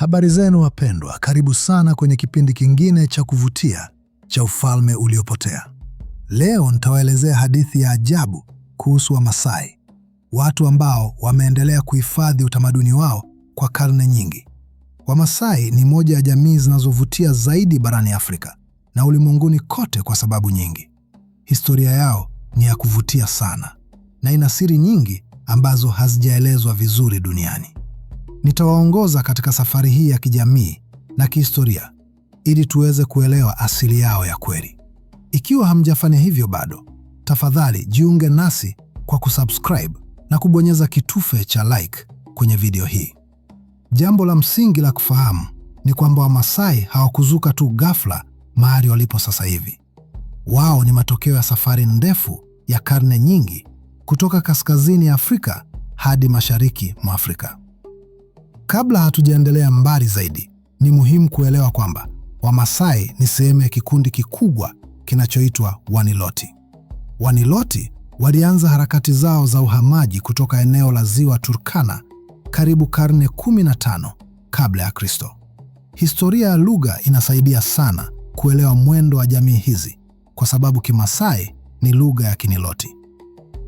Habari zenu wapendwa, karibu sana kwenye kipindi kingine cha kuvutia cha Ufalme Uliopotea. Leo nitawaelezea hadithi ya ajabu kuhusu Wamasai, watu ambao wameendelea kuhifadhi utamaduni wao kwa karne nyingi. Wamasai ni moja ya jamii zinazovutia zaidi barani Afrika na ulimwenguni kote kwa sababu nyingi. Historia yao ni ya kuvutia sana na ina siri nyingi ambazo hazijaelezwa vizuri duniani. Nitawaongoza katika safari hii ya kijamii na kihistoria ili tuweze kuelewa asili yao ya kweli. Ikiwa hamjafanya hivyo bado, tafadhali jiunge nasi kwa kusubscribe na kubonyeza kitufe cha like kwenye video hii. Jambo la msingi la kufahamu ni kwamba Wamasai hawakuzuka tu ghafla mahali walipo sasa hivi. Wao ni matokeo ya safari ndefu ya karne nyingi kutoka kaskazini ya Afrika hadi mashariki mwa Afrika. Kabla hatujaendelea mbali zaidi, ni muhimu kuelewa kwamba Wamasai ni sehemu ya kikundi kikubwa kinachoitwa Waniloti. Waniloti walianza harakati zao za uhamaji kutoka eneo la Ziwa Turkana karibu karne 15 kabla ya Kristo. Historia ya lugha inasaidia sana kuelewa mwendo wa jamii hizi kwa sababu Kimasai ni lugha ya Kiniloti.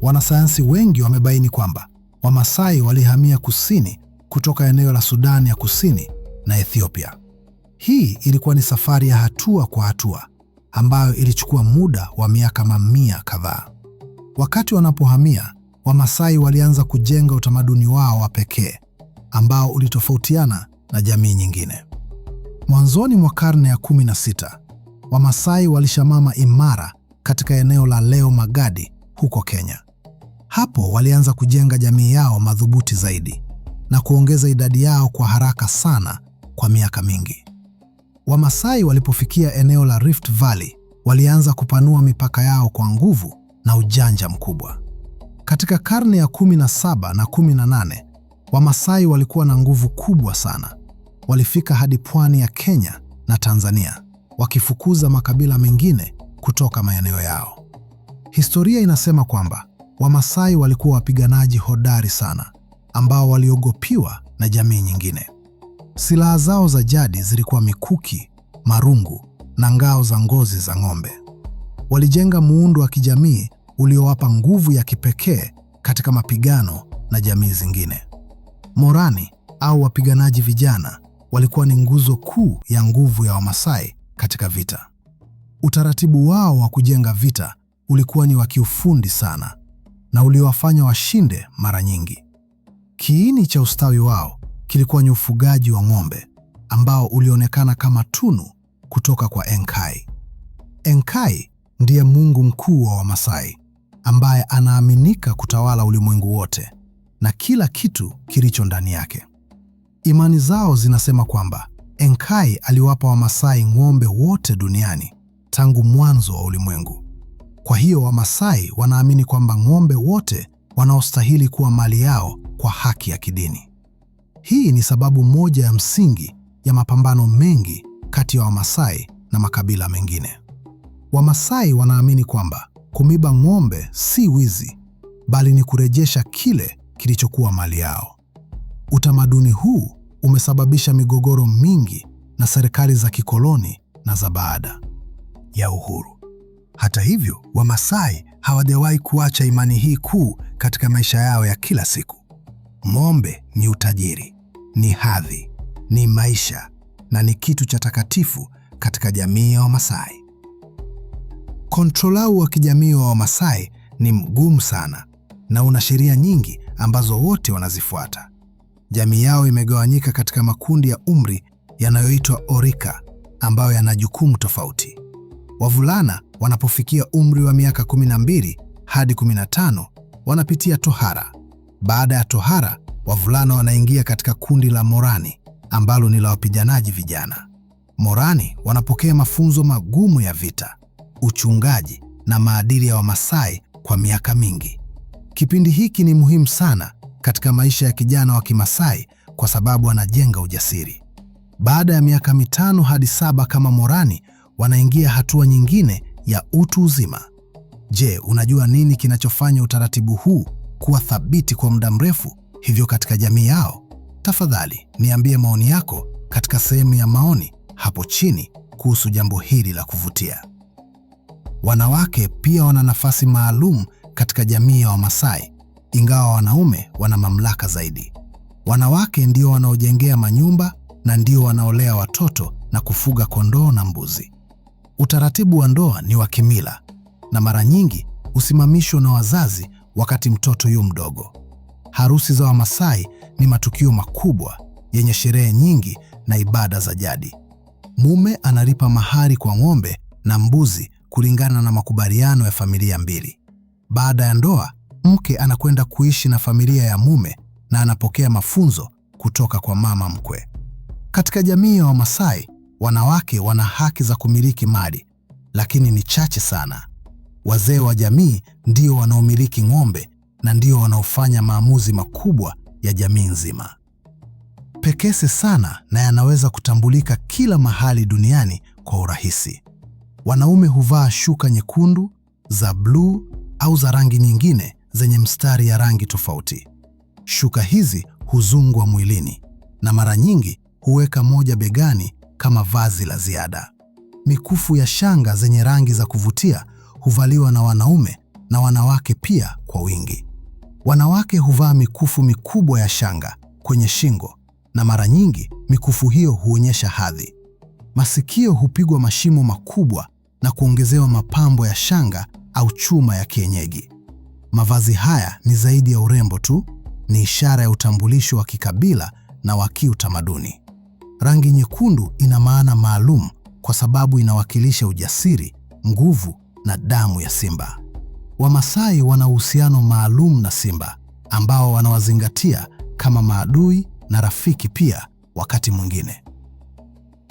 Wanasayansi wengi wamebaini kwamba Wamasai walihamia kusini kutoka eneo la Sudani ya Kusini na Ethiopia. Hii ilikuwa ni safari ya hatua kwa hatua ambayo ilichukua muda wa miaka mamia kadhaa. Wakati wanapohamia, Wamasai walianza kujenga utamaduni wao wa pekee ambao ulitofautiana na jamii nyingine. Mwanzoni mwa karne ya 16, Wamasai walishamama imara katika eneo la leo Magadi huko Kenya. Hapo walianza kujenga jamii yao madhubuti zaidi na kuongeza idadi yao kwa haraka sana kwa miaka mingi. Wamasai walipofikia eneo la Rift Valley, walianza kupanua mipaka yao kwa nguvu na ujanja mkubwa. Katika karne ya 17 na 18, Wamasai walikuwa na nguvu kubwa sana. Walifika hadi pwani ya Kenya na Tanzania, wakifukuza makabila mengine kutoka maeneo yao. Historia inasema kwamba Wamasai walikuwa wapiganaji hodari sana ambao waliogopiwa na jamii nyingine. Silaha zao za jadi zilikuwa mikuki, marungu na ngao za ngozi za ng'ombe. Walijenga muundo wa kijamii uliowapa nguvu ya kipekee katika mapigano na jamii zingine. Morani au wapiganaji vijana walikuwa ni nguzo kuu ya nguvu ya Wamasai katika vita. Utaratibu wao wa kujenga vita ulikuwa ni wa kiufundi sana na uliowafanya washinde mara nyingi. Kiini cha ustawi wao kilikuwa ni ufugaji wa ng'ombe ambao ulionekana kama tunu kutoka kwa Enkai. Enkai ndiye mungu mkuu wa Wamasai ambaye anaaminika kutawala ulimwengu wote na kila kitu kilicho ndani yake. Imani zao zinasema kwamba Enkai aliwapa Wamasai ng'ombe wote duniani tangu mwanzo wa ulimwengu. Kwa hiyo Wamasai wanaamini kwamba ng'ombe wote wanaostahili kuwa mali yao kwa haki ya kidini. Hii ni sababu moja ya msingi ya mapambano mengi kati ya Wamasai na makabila mengine. Wamasai wanaamini kwamba kumiba ng'ombe si wizi, bali ni kurejesha kile kilichokuwa mali yao. Utamaduni huu umesababisha migogoro mingi na serikali za kikoloni na za baada ya uhuru. Hata hivyo, Wamasai hawajawahi kuacha imani hii kuu katika maisha yao ya kila siku. Ng'ombe ni utajiri, ni hadhi, ni maisha na ni kitu cha takatifu katika jamii ya Wamasai. Kontrolau wa kijamii wa Wamasai ni mgumu sana na una sheria nyingi ambazo wote wanazifuata. Jamii yao imegawanyika katika makundi ya umri yanayoitwa orika ambayo yana jukumu tofauti. Wavulana wanapofikia umri wa miaka 12 hadi 15 wanapitia tohara baada ya tohara, wavulana wanaingia katika kundi la Morani ambalo ni la wapiganaji vijana. Morani wanapokea mafunzo magumu ya vita, uchungaji na maadili ya Wamasai kwa miaka mingi. Kipindi hiki ni muhimu sana katika maisha ya kijana wa Kimasai kwa sababu anajenga ujasiri. Baada ya miaka mitano hadi saba kama Morani, wanaingia hatua nyingine ya utu uzima. Je, unajua nini kinachofanya utaratibu huu kuwa thabiti kwa muda mrefu hivyo katika jamii yao? Tafadhali niambie maoni yako katika sehemu ya maoni hapo chini kuhusu jambo hili la kuvutia. Wanawake pia wana nafasi maalum katika jamii ya Wamasai, ingawa wanaume wana mamlaka zaidi. Wanawake ndio wanaojengea manyumba na ndio wanaolea watoto na kufuga kondoo na mbuzi. Utaratibu wa ndoa ni wa kimila na mara nyingi husimamishwa na wazazi wakati mtoto yu mdogo. Harusi za Wamasai ni matukio makubwa yenye sherehe nyingi na ibada za jadi. Mume analipa mahari kwa ng'ombe na mbuzi kulingana na makubaliano ya familia mbili. Baada ya ndoa, mke anakwenda kuishi na familia ya mume na anapokea mafunzo kutoka kwa mama mkwe. Katika jamii ya Wamasai, wanawake wana haki za kumiliki mali, lakini ni chache sana. Wazee wa jamii ndio wanaomiliki ng'ombe na ndio wanaofanya maamuzi makubwa ya jamii nzima. Pekese sana na yanaweza kutambulika kila mahali duniani kwa urahisi. Wanaume huvaa shuka nyekundu, za bluu au za rangi nyingine zenye mstari ya rangi tofauti. Shuka hizi huzungwa mwilini na mara nyingi huweka moja begani kama vazi la ziada. Mikufu ya shanga zenye rangi za kuvutia huvaliwa na wanaume na wanawake pia kwa wingi. Wanawake huvaa mikufu mikubwa ya shanga kwenye shingo, na mara nyingi mikufu hiyo huonyesha hadhi. Masikio hupigwa mashimo makubwa na kuongezewa mapambo ya shanga au chuma ya kienyeji. Mavazi haya ni zaidi ya urembo tu, ni ishara ya utambulisho wa kikabila na wa kiutamaduni. Rangi nyekundu ina maana maalum kwa sababu inawakilisha ujasiri, nguvu na damu ya simba. Wamasai wana uhusiano maalum na simba ambao wanawazingatia kama maadui na rafiki pia. Wakati mwingine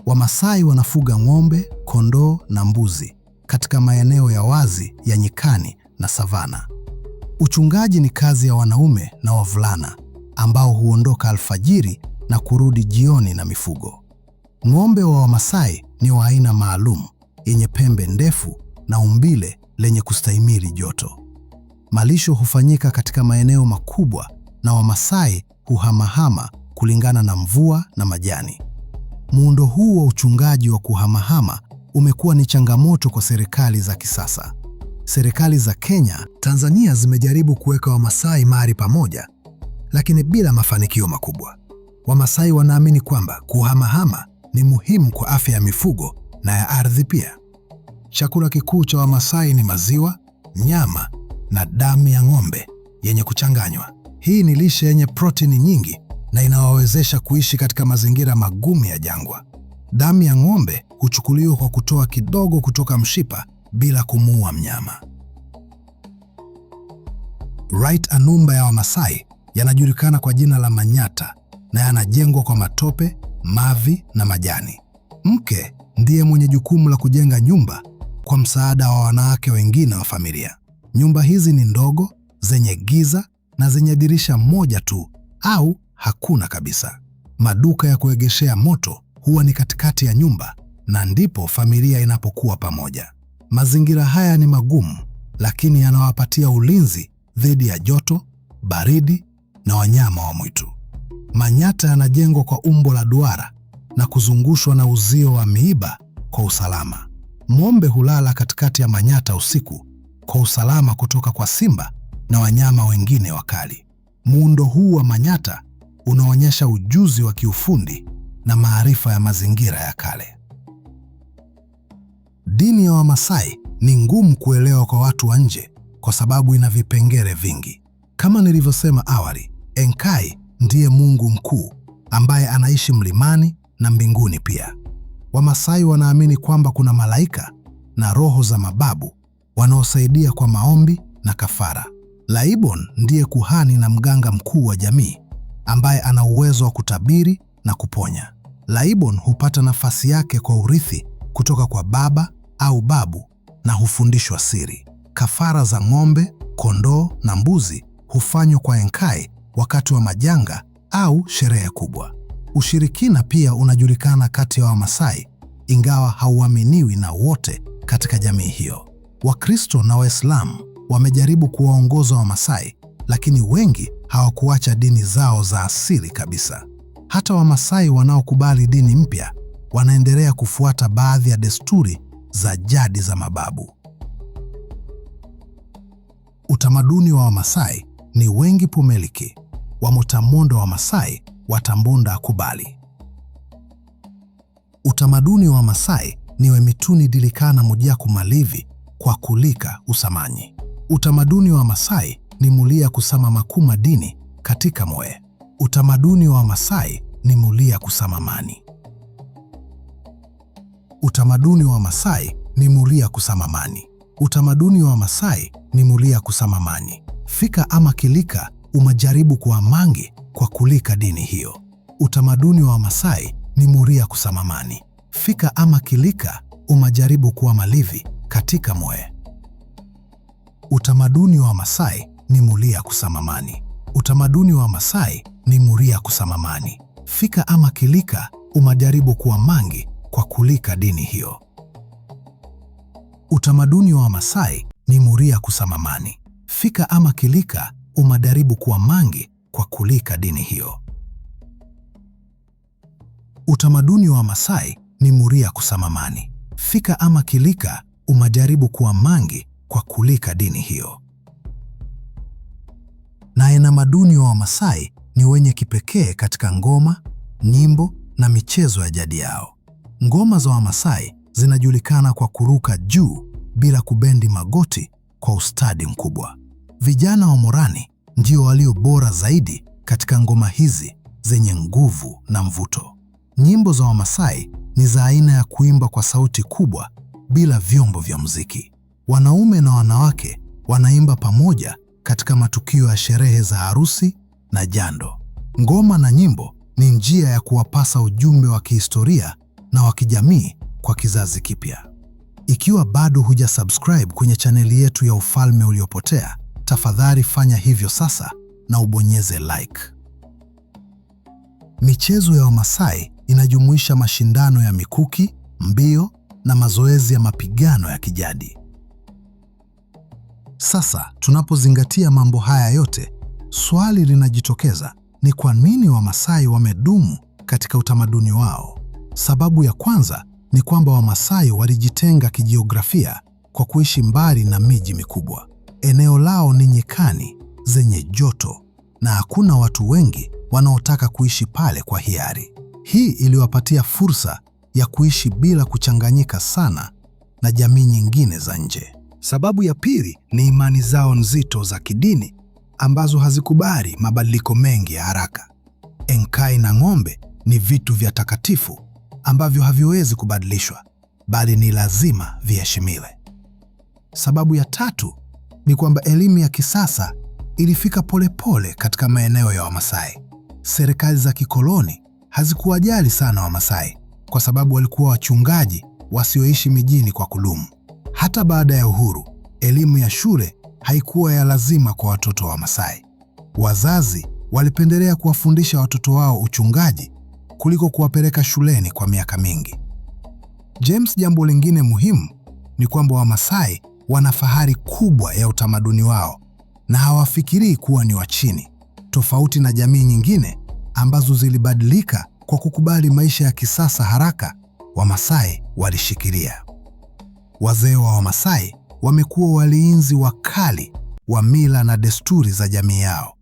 Wamasai wanafuga ng'ombe, kondoo na mbuzi katika maeneo ya wazi ya nyikani na savana. Uchungaji ni kazi ya wanaume na wavulana ambao huondoka alfajiri na kurudi jioni na mifugo. Ng'ombe wa Wamasai ni wa aina maalum yenye pembe ndefu na umbile lenye kustahimili joto. Malisho hufanyika katika maeneo makubwa na Wamasai huhamahama kulingana na mvua na majani. Muundo huu wa uchungaji wa kuhamahama umekuwa ni changamoto kwa serikali za kisasa. Serikali za Kenya, Tanzania zimejaribu kuweka Wamasai mahali pamoja, lakini bila mafanikio makubwa. Wamasai wanaamini kwamba kuhamahama ni muhimu kwa afya ya mifugo na ya ardhi pia. Chakula kikuu cha Wamasai ni maziwa, nyama na damu ya ng'ombe yenye kuchanganywa. Hii ni lishe yenye protini nyingi na inawawezesha kuishi katika mazingira magumu ya jangwa. Damu ya ng'ombe huchukuliwa kwa kutoa kidogo kutoka mshipa bila kumuua mnyama. Right Anumba ya Wamasai yanajulikana kwa jina la manyata na yanajengwa kwa matope, mavi na majani. Mke ndiye mwenye jukumu la kujenga nyumba kwa msaada wa wanawake wengine wa familia. Nyumba hizi ni ndogo, zenye giza na zenye dirisha moja tu au hakuna kabisa. Maduka ya kuegeshea moto huwa ni katikati ya nyumba na ndipo familia inapokuwa pamoja. Mazingira haya ni magumu, lakini yanawapatia ulinzi dhidi ya joto, baridi na wanyama wa mwitu. Manyata yanajengwa kwa umbo la duara na kuzungushwa na uzio wa miiba kwa usalama. Mombe hulala katikati ya manyata usiku kwa usalama kutoka kwa simba na wanyama wengine wakali. Muundo huu wa manyata unaonyesha ujuzi wa kiufundi na maarifa ya mazingira ya kale. Dini ya Wamasai ni ngumu kuelewa kwa watu wa nje kwa sababu ina vipengele vingi. Kama nilivyosema awali, Enkai ndiye Mungu mkuu ambaye anaishi mlimani na mbinguni pia. Wamasai wanaamini kwamba kuna malaika na roho za mababu wanaosaidia kwa maombi na kafara. Laibon ndiye kuhani na mganga mkuu wa jamii ambaye ana uwezo wa kutabiri na kuponya. Laibon hupata nafasi yake kwa urithi kutoka kwa baba au babu na hufundishwa siri. Kafara za ng'ombe, kondoo na mbuzi hufanywa kwa Enkai wakati wa majanga au sherehe kubwa. Ushirikina pia unajulikana kati ya Wamasai, ingawa hauaminiwi na wote katika jamii hiyo. Wakristo na Waislamu wamejaribu kuwaongoza Wamasai, lakini wengi hawakuacha dini zao za asili kabisa. Hata Wamasai wanaokubali dini mpya wanaendelea kufuata baadhi ya desturi za jadi za mababu. Utamaduni wa Wamasai ni wengi pumeliki. Wamotamondo wa Masai Watambunda kubali. Utamaduni wa Masai ni dilikana mujaku malivi kwa kulika usamanyi. Utamaduni wa Masai ni mulia kusama makuma dini katika moe. Utamaduni wa Masai ni mulia kusama mani. Utamaduni wa Masai ni mulia kusama mani. Utamaduni wa Masai ni mulia kusama mani. Fika ama kilika umajaribu kuwa mangi kwa kulika dini hiyo. Utamaduni wa Wamasai ni muria kusamamani fika ama kilika umajaribu kuwa malivi katika moe. Utamaduni wa Wamasai ni mulia kusamamani. Utamaduni wa Wamasai ni muria kusamamani fika ama kilika umajaribu kuwa mangi kwa kulika dini hiyo. Utamaduni wa Wamasai ni muria kusamamani fika ama kilika umajaribu kuwa mangi kwa kulika dini hiyo. Utamaduni wa Masai ni muria kusamamani, fika ama kilika, umajaribu kuwa mangi kwa kulika dini hiyo. Na maduni wa Wamasai ni wenye kipekee katika ngoma, nyimbo na michezo ya jadi yao. Ngoma za Wamasai zinajulikana kwa kuruka juu bila kubendi magoti kwa ustadi mkubwa. Vijana wa Morani ndio walio bora zaidi katika ngoma hizi zenye nguvu na mvuto. Nyimbo za Wamasai ni za aina ya kuimba kwa sauti kubwa bila vyombo vya muziki. Wanaume na wanawake wanaimba pamoja katika matukio ya sherehe za harusi na jando. Ngoma na nyimbo ni njia ya kuwapasa ujumbe wa kihistoria na wa kijamii kwa kizazi kipya. Ikiwa bado hujasubscribe kwenye chaneli yetu ya Ufalme Uliopotea, tafadhali fanya hivyo sasa na ubonyeze like. Michezo ya Wamasai inajumuisha mashindano ya mikuki, mbio na mazoezi ya mapigano ya kijadi. Sasa tunapozingatia mambo haya yote, swali linajitokeza, ni kwa nini Wamasai wamedumu katika utamaduni wao? Sababu ya kwanza ni kwamba Wamasai walijitenga kijiografia kwa kuishi mbali na miji mikubwa. Eneo lao ni nyikani zenye joto na hakuna watu wengi wanaotaka kuishi pale kwa hiari. Hii iliwapatia fursa ya kuishi bila kuchanganyika sana na jamii nyingine za nje. Sababu ya pili ni imani zao nzito za kidini ambazo hazikubali mabadiliko mengi ya haraka. Enkai na ng'ombe ni vitu vya takatifu ambavyo haviwezi kubadilishwa, bali ni lazima viheshimiwe. Sababu ya tatu ni kwamba elimu ya kisasa ilifika polepole pole katika maeneo ya Wamasai. Serikali za kikoloni hazikuwajali sana Wamasai kwa sababu walikuwa wachungaji wasioishi mijini kwa kudumu. Hata baada ya uhuru, elimu ya shule haikuwa ya lazima kwa watoto wa Wamasai. Wazazi walipendelea kuwafundisha watoto wao uchungaji kuliko kuwapeleka shuleni kwa miaka mingi. James, jambo lingine muhimu ni kwamba Wamasai wana fahari kubwa ya utamaduni wao na hawafikirii kuwa ni wa chini, tofauti na jamii nyingine ambazo zilibadilika kwa kukubali maisha ya kisasa haraka. Wamasai walishikilia. Wazee wa Wamasai wamekuwa walinzi wakali wa mila na desturi za jamii yao.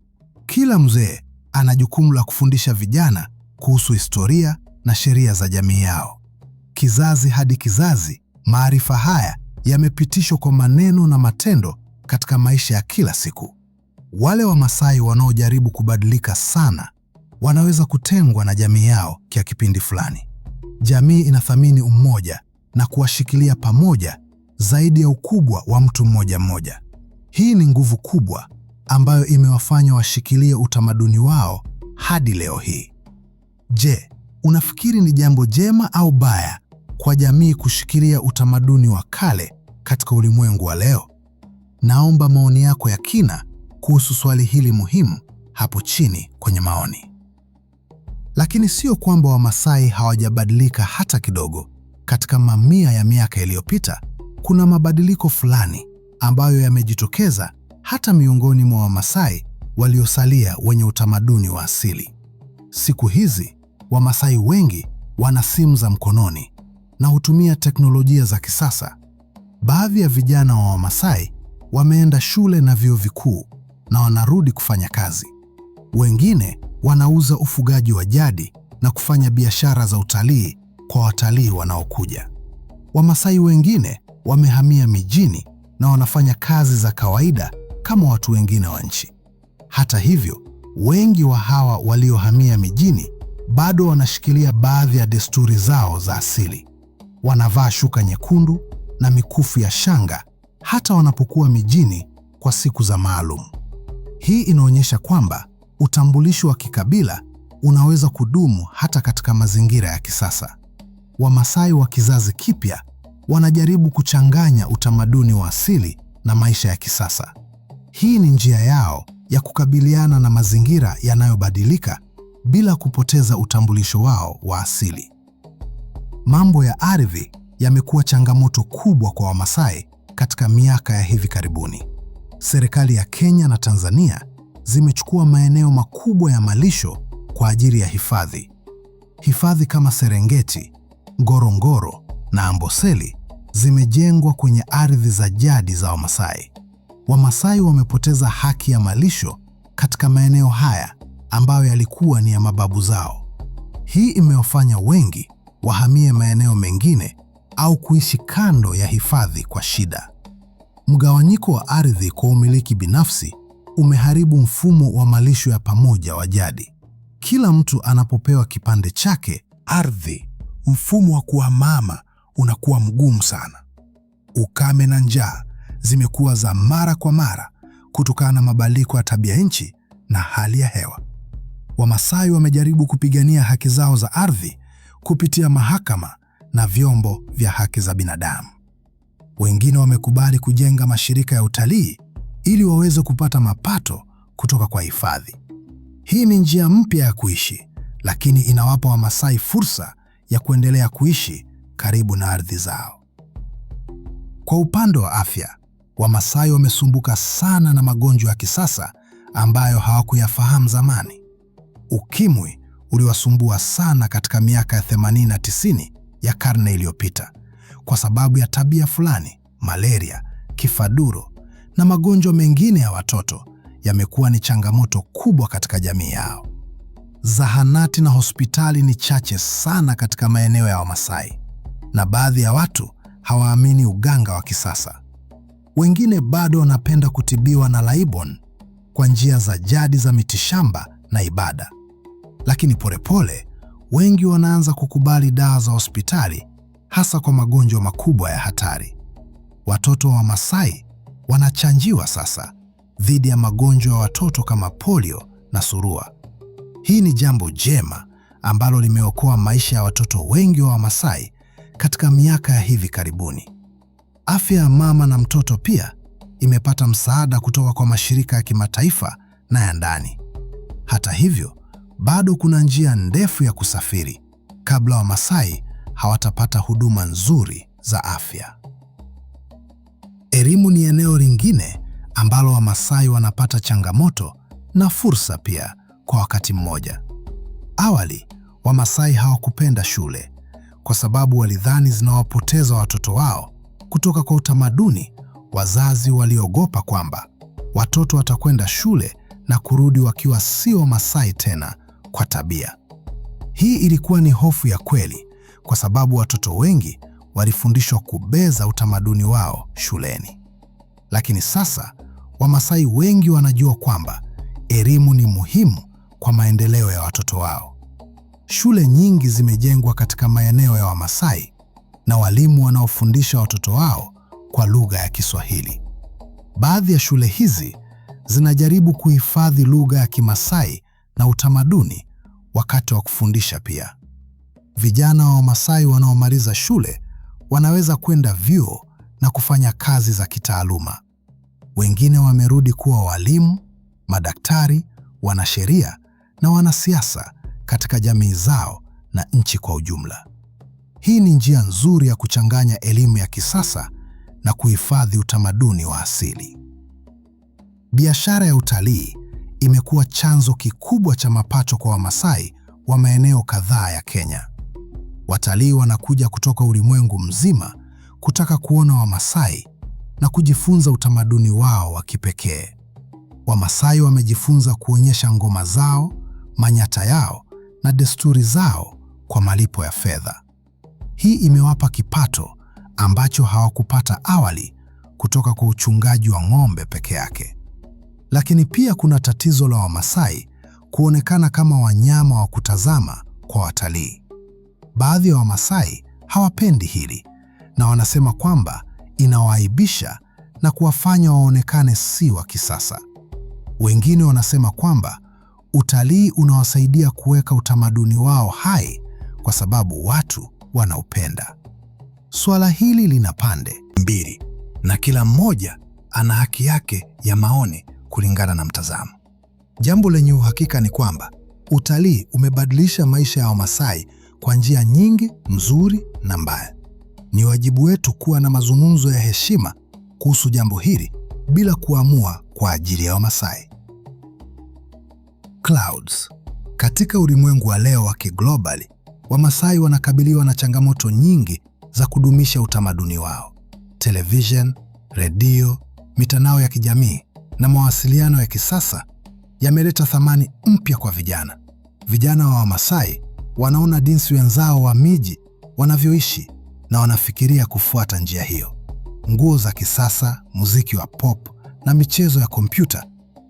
Kila mzee ana jukumu la kufundisha vijana kuhusu historia na sheria za jamii yao. Kizazi hadi kizazi, maarifa haya yamepitishwa kwa maneno na matendo katika maisha ya kila siku. Wale Wamasai wanaojaribu kubadilika sana wanaweza kutengwa na jamii yao kwa kipindi fulani. Jamii inathamini umoja na kuwashikilia pamoja zaidi ya ukubwa wa mtu mmoja mmoja. Hii ni nguvu kubwa ambayo imewafanya washikilie utamaduni wao hadi leo hii. Je, unafikiri ni jambo jema au baya kwa jamii kushikilia utamaduni wa kale katika ulimwengu wa leo? Naomba maoni yako ya kina kuhusu swali hili muhimu hapo chini kwenye maoni. Lakini sio kwamba Wamasai hawajabadilika hata kidogo. Katika mamia ya miaka iliyopita, kuna mabadiliko fulani ambayo yamejitokeza hata miongoni mwa Wamasai waliosalia wenye utamaduni wa asili. Siku hizi Wamasai wengi wana simu za mkononi, na hutumia teknolojia za kisasa. Baadhi ya vijana wa Wamasai wameenda shule na vyuo vikuu na wanarudi kufanya kazi. Wengine wanauza ufugaji wa jadi na kufanya biashara za utalii kwa watalii wanaokuja. Wamasai wengine wamehamia mijini na wanafanya kazi za kawaida kama watu wengine wa nchi. Hata hivyo, wengi wa hawa waliohamia mijini bado wanashikilia baadhi ya desturi zao za asili wanavaa shuka nyekundu na mikufu ya shanga hata wanapokuwa mijini kwa siku za maalum. Hii inaonyesha kwamba utambulisho wa kikabila unaweza kudumu hata katika mazingira ya kisasa. Wamasai wa kizazi kipya wanajaribu kuchanganya utamaduni wa asili na maisha ya kisasa. Hii ni njia yao ya kukabiliana na mazingira yanayobadilika bila kupoteza utambulisho wao wa asili mambo ya ardhi yamekuwa changamoto kubwa kwa Wamasai katika miaka ya hivi karibuni. Serikali ya Kenya na Tanzania zimechukua maeneo makubwa ya malisho kwa ajili ya hifadhi. Hifadhi kama Serengeti, Ngorongoro na Amboseli zimejengwa kwenye ardhi za jadi za Wamasai. Wamasai wamepoteza haki ya malisho katika maeneo haya ambayo yalikuwa ni ya mababu zao. Hii imewafanya wengi wahamie maeneo mengine au kuishi kando ya hifadhi kwa shida. Mgawanyiko wa ardhi kwa umiliki binafsi umeharibu mfumo wa malisho ya pamoja wa jadi. Kila mtu anapopewa kipande chake ardhi, mfumo wa kuhamama unakuwa mgumu sana. Ukame na njaa zimekuwa za mara kwa mara kutokana na mabadiliko ya tabia nchi na hali ya hewa. Wamasai wamejaribu kupigania haki zao za ardhi kupitia mahakama na vyombo vya haki za binadamu. Wengine wamekubali kujenga mashirika ya utalii ili waweze kupata mapato kutoka kwa hifadhi. Hii ni njia mpya ya kuishi, lakini inawapa Wamasai fursa ya kuendelea kuishi karibu na ardhi zao. Kwa upande wa afya, Wamasai wamesumbuka sana na magonjwa ya kisasa ambayo hawakuyafahamu zamani. Ukimwi uliwasumbua sana katika miaka ya 80 na 90 ya karne iliyopita kwa sababu ya tabia fulani. Malaria, kifaduro na magonjwa mengine ya watoto yamekuwa ni changamoto kubwa katika jamii yao. Zahanati na hospitali ni chache sana katika maeneo ya Wamasai, na baadhi ya watu hawaamini uganga wa kisasa. Wengine bado wanapenda kutibiwa na laibon kwa njia za jadi za mitishamba na ibada. Lakini polepole wengi wanaanza kukubali dawa za hospitali, hasa kwa magonjwa makubwa ya hatari. Watoto wa Masai wanachanjiwa sasa dhidi ya magonjwa ya watoto kama polio na surua. Hii ni jambo jema ambalo limeokoa maisha ya watoto wengi wa Wamasai katika miaka ya hivi karibuni. Afya ya mama na mtoto pia imepata msaada kutoka kwa mashirika ya kimataifa na ya ndani. Hata hivyo, bado kuna njia ndefu ya kusafiri kabla Wamasai hawatapata huduma nzuri za afya. Elimu ni eneo lingine ambalo Wamasai wanapata changamoto na fursa pia kwa wakati mmoja. Awali, Wamasai hawakupenda shule kwa sababu walidhani zinawapoteza watoto wao kutoka kwa utamaduni. Wazazi waliogopa kwamba watoto watakwenda shule na kurudi wakiwa sio Wamasai tena, kwa tabia. Hii ilikuwa ni hofu ya kweli, kwa sababu watoto wengi walifundishwa kubeza utamaduni wao shuleni. Lakini sasa Wamasai wengi wanajua kwamba elimu ni muhimu kwa maendeleo ya watoto wao. Shule nyingi zimejengwa katika maeneo ya Wamasai na walimu wanaofundisha watoto wao kwa lugha ya Kiswahili. Baadhi ya shule hizi zinajaribu kuhifadhi lugha ya Kimasai na utamaduni wakati wa kufundisha pia. Vijana wa Wamasai wanaomaliza shule wanaweza kwenda vyuo na kufanya kazi za kitaaluma. Wengine wamerudi kuwa walimu, madaktari, wanasheria na wanasiasa katika jamii zao na nchi kwa ujumla. Hii ni njia nzuri ya kuchanganya elimu ya kisasa na kuhifadhi utamaduni wa asili. Biashara ya utalii imekuwa chanzo kikubwa cha mapato kwa Wamasai wa maeneo kadhaa ya Kenya. Watalii wanakuja kutoka ulimwengu mzima kutaka kuona Wamasai na kujifunza utamaduni wao wa kipekee. Wamasai wamejifunza kuonyesha ngoma zao, manyata yao na desturi zao kwa malipo ya fedha. Hii imewapa kipato ambacho hawakupata awali kutoka kwa uchungaji wa ng'ombe peke yake. Lakini pia kuna tatizo la Wamasai kuonekana kama wanyama wa kutazama kwa watalii. Baadhi ya wa Wamasai hawapendi hili na wanasema kwamba inawaaibisha na kuwafanya waonekane si wa kisasa. Wengine wanasema kwamba utalii unawasaidia kuweka utamaduni wao hai kwa sababu watu wanaupenda. Suala hili lina pande mbili na kila mmoja ana haki yake ya maoni kulingana na mtazamo. Jambo lenye uhakika ni kwamba utalii umebadilisha maisha ya Wamasai kwa njia nyingi nzuri na mbaya. Ni wajibu wetu kuwa na mazungumzo ya heshima kuhusu jambo hili bila kuamua kwa ajili ya Wamasai. Clouds. Katika ulimwengu wa leo wa kiglobali, Wamasai wanakabiliwa na changamoto nyingi za kudumisha utamaduni wao. Television, redio, mitandao ya kijamii na mawasiliano ya kisasa yameleta thamani mpya kwa vijana. Vijana wa Wamasai wanaona jinsi wenzao wa miji wanavyoishi na wanafikiria kufuata njia hiyo. Nguo za kisasa, muziki wa pop na michezo ya kompyuta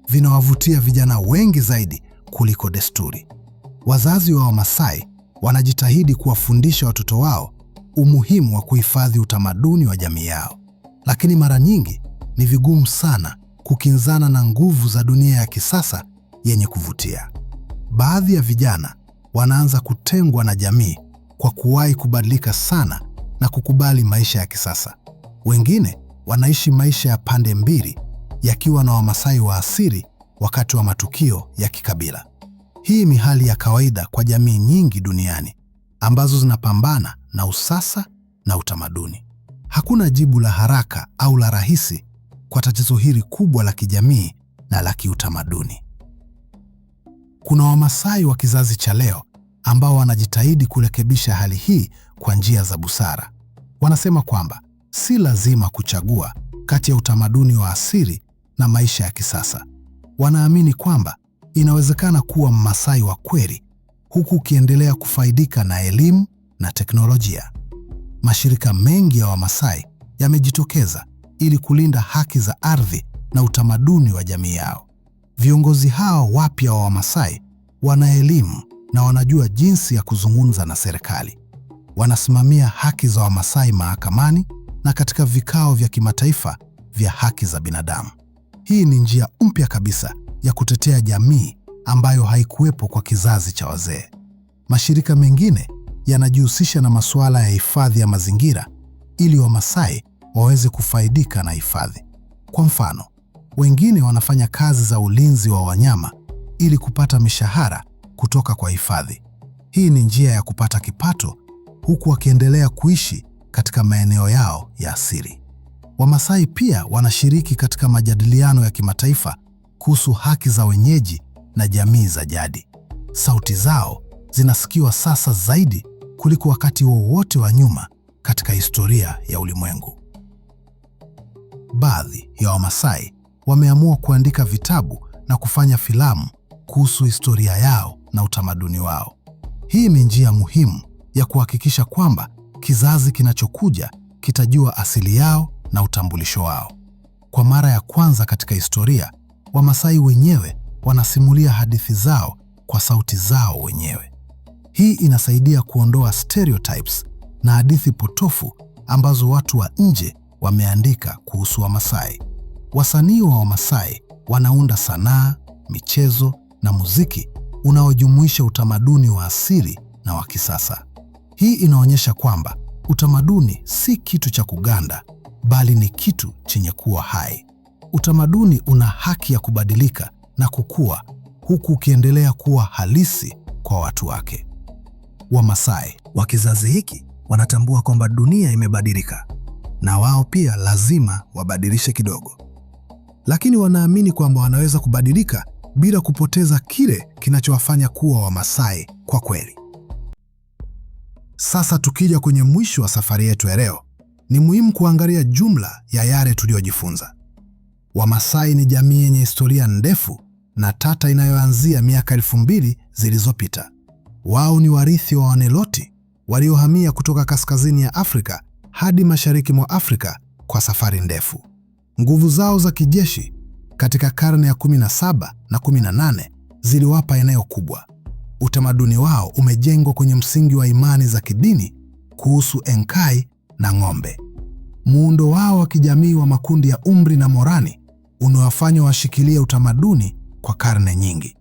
vinawavutia vijana wengi zaidi kuliko desturi. Wazazi wa Wamasai wanajitahidi kuwafundisha watoto wao umuhimu wa kuhifadhi utamaduni wa jamii yao, lakini mara nyingi ni vigumu sana kukinzana na nguvu za dunia ya kisasa yenye kuvutia. Baadhi ya vijana wanaanza kutengwa na jamii kwa kuwahi kubadilika sana na kukubali maisha ya kisasa. Wengine wanaishi maisha ya pande mbili, yakiwa na Wamasai wa asili wakati wa matukio ya kikabila. Hii ni hali ya kawaida kwa jamii nyingi duniani ambazo zinapambana na usasa na utamaduni. Hakuna jibu la haraka au la rahisi kwa tatizo hili kubwa la kijamii na la kiutamaduni. Kuna Wamasai wa kizazi cha leo ambao wanajitahidi kurekebisha hali hii kwa njia za busara. Wanasema kwamba si lazima kuchagua kati ya utamaduni wa asili na maisha ya kisasa. Wanaamini kwamba inawezekana kuwa Mmasai wa kweli huku ukiendelea kufaidika na elimu na teknolojia. Mashirika mengi ya Wamasai yamejitokeza ili kulinda haki za ardhi na utamaduni wa jamii yao. Viongozi hao wapya wa Wamasai wana elimu na wanajua jinsi ya kuzungumza na serikali. Wanasimamia haki za Wamasai mahakamani na katika vikao vya kimataifa vya haki za binadamu. Hii ni njia mpya kabisa ya kutetea jamii ambayo haikuwepo kwa kizazi cha wazee. Mashirika mengine yanajihusisha na masuala ya hifadhi ya mazingira ili Wamasai waweze kufaidika na hifadhi. Kwa mfano, wengine wanafanya kazi za ulinzi wa wanyama ili kupata mishahara kutoka kwa hifadhi. Hii ni njia ya kupata kipato huku wakiendelea kuishi katika maeneo yao ya asili. Wamasai pia wanashiriki katika majadiliano ya kimataifa kuhusu haki za wenyeji na jamii za jadi. Sauti zao zinasikiwa sasa zaidi kuliko wakati wowote wa nyuma katika historia ya ulimwengu baadhi ya Wamasai wameamua kuandika vitabu na kufanya filamu kuhusu historia yao na utamaduni wao. Hii ni njia muhimu ya kuhakikisha kwamba kizazi kinachokuja kitajua asili yao na utambulisho wao. Kwa mara ya kwanza katika historia, Wamasai wenyewe wanasimulia hadithi zao kwa sauti zao wenyewe. Hii inasaidia kuondoa stereotypes na hadithi potofu ambazo watu wa nje wameandika kuhusu Wamasai. Wasanii wa Wamasai wanaunda sanaa, michezo na muziki unaojumuisha utamaduni wa asili na wa kisasa. Hii inaonyesha kwamba utamaduni si kitu cha kuganda, bali ni kitu chenye kuwa hai. Utamaduni una haki ya kubadilika na kukua, huku ukiendelea kuwa halisi kwa watu wake. Wamasai wa kizazi hiki wanatambua kwamba dunia imebadilika na wao pia lazima wabadilishe kidogo, lakini wanaamini kwamba wanaweza kubadilika bila kupoteza kile kinachowafanya kuwa Wamasai kwa kweli. Sasa tukija kwenye mwisho wa safari yetu ya leo, ni muhimu kuangalia jumla ya yale tuliyojifunza. Wamasai ni jamii yenye historia ndefu na tata inayoanzia miaka elfu mbili zilizopita. Wao ni warithi wa Waniloti waliohamia kutoka kaskazini ya Afrika hadi mashariki mwa Afrika kwa safari ndefu. Nguvu zao za kijeshi katika karne ya 17 na 18 ziliwapa eneo kubwa. Utamaduni wao umejengwa kwenye msingi wa imani za kidini kuhusu Enkai na ng'ombe. Muundo wao wa kijamii wa makundi ya umri na morani unawafanya washikilie utamaduni kwa karne nyingi.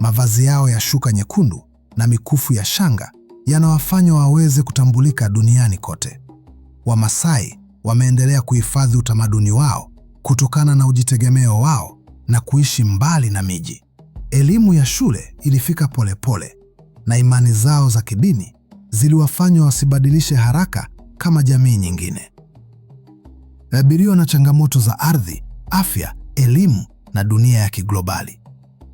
Mavazi yao ya shuka nyekundu na mikufu ya shanga yanawafanya waweze kutambulika duniani kote. Wamasai wameendelea kuhifadhi utamaduni wao kutokana na ujitegemeo wao na kuishi mbali na miji. Elimu ya shule ilifika polepole pole, na imani zao za kidini ziliwafanya wasibadilishe haraka kama jamii nyingine. abiriwa na changamoto za ardhi, afya, elimu na dunia ya kiglobali,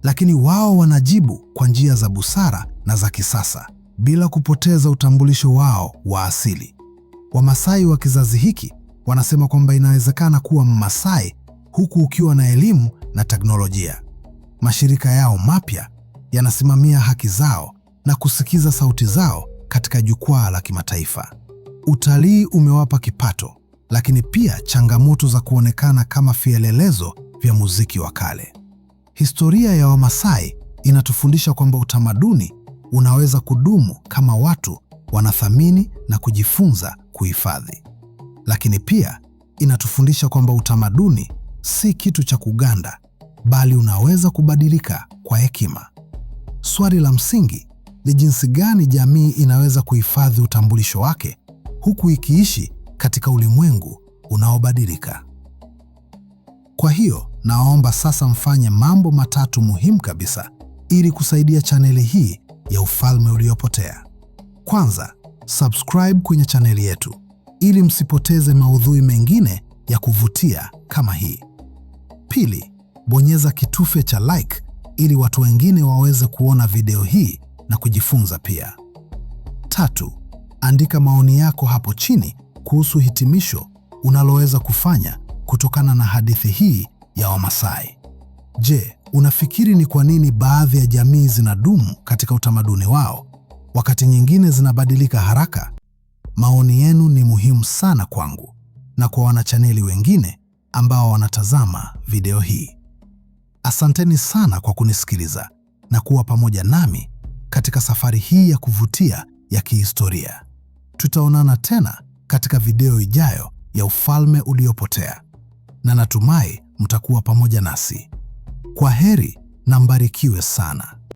lakini wao wanajibu kwa njia za busara na za kisasa bila kupoteza utambulisho wao wa asili. Wamasai wa kizazi hiki wanasema kwamba inawezekana kuwa Mmasai huku ukiwa na elimu na teknolojia. Mashirika yao mapya yanasimamia haki zao na kusikiza sauti zao katika jukwaa la kimataifa. Utalii umewapa kipato, lakini pia changamoto za kuonekana kama vielelezo vya muziki wa kale. Historia ya Wamasai inatufundisha kwamba utamaduni unaweza kudumu kama watu wanathamini na kujifunza kuhifadhi. Lakini pia inatufundisha kwamba utamaduni si kitu cha kuganda, bali unaweza kubadilika kwa hekima. Swali la msingi ni jinsi gani jamii inaweza kuhifadhi utambulisho wake huku ikiishi katika ulimwengu unaobadilika. Kwa hiyo naomba sasa mfanye mambo matatu muhimu kabisa ili kusaidia chaneli hii ya Ufalme Uliopotea. Kwanza, subscribe kwenye chaneli yetu ili msipoteze maudhui mengine ya kuvutia kama hii. Pili, bonyeza kitufe cha like ili watu wengine waweze kuona video hii na kujifunza pia. Tatu, andika maoni yako hapo chini kuhusu hitimisho unaloweza kufanya kutokana na hadithi hii ya Wamasai. Je, unafikiri ni kwa nini baadhi ya jamii zinadumu katika utamaduni wao wakati nyingine zinabadilika haraka. Maoni yenu ni muhimu sana kwangu na kwa wanachaneli wengine ambao wanatazama video hii. Asanteni sana kwa kunisikiliza na kuwa pamoja nami katika safari hii ya kuvutia ya kihistoria. Tutaonana tena katika video ijayo ya Ufalme Uliopotea, na natumai mtakuwa pamoja nasi. Kwa heri na mbarikiwe sana.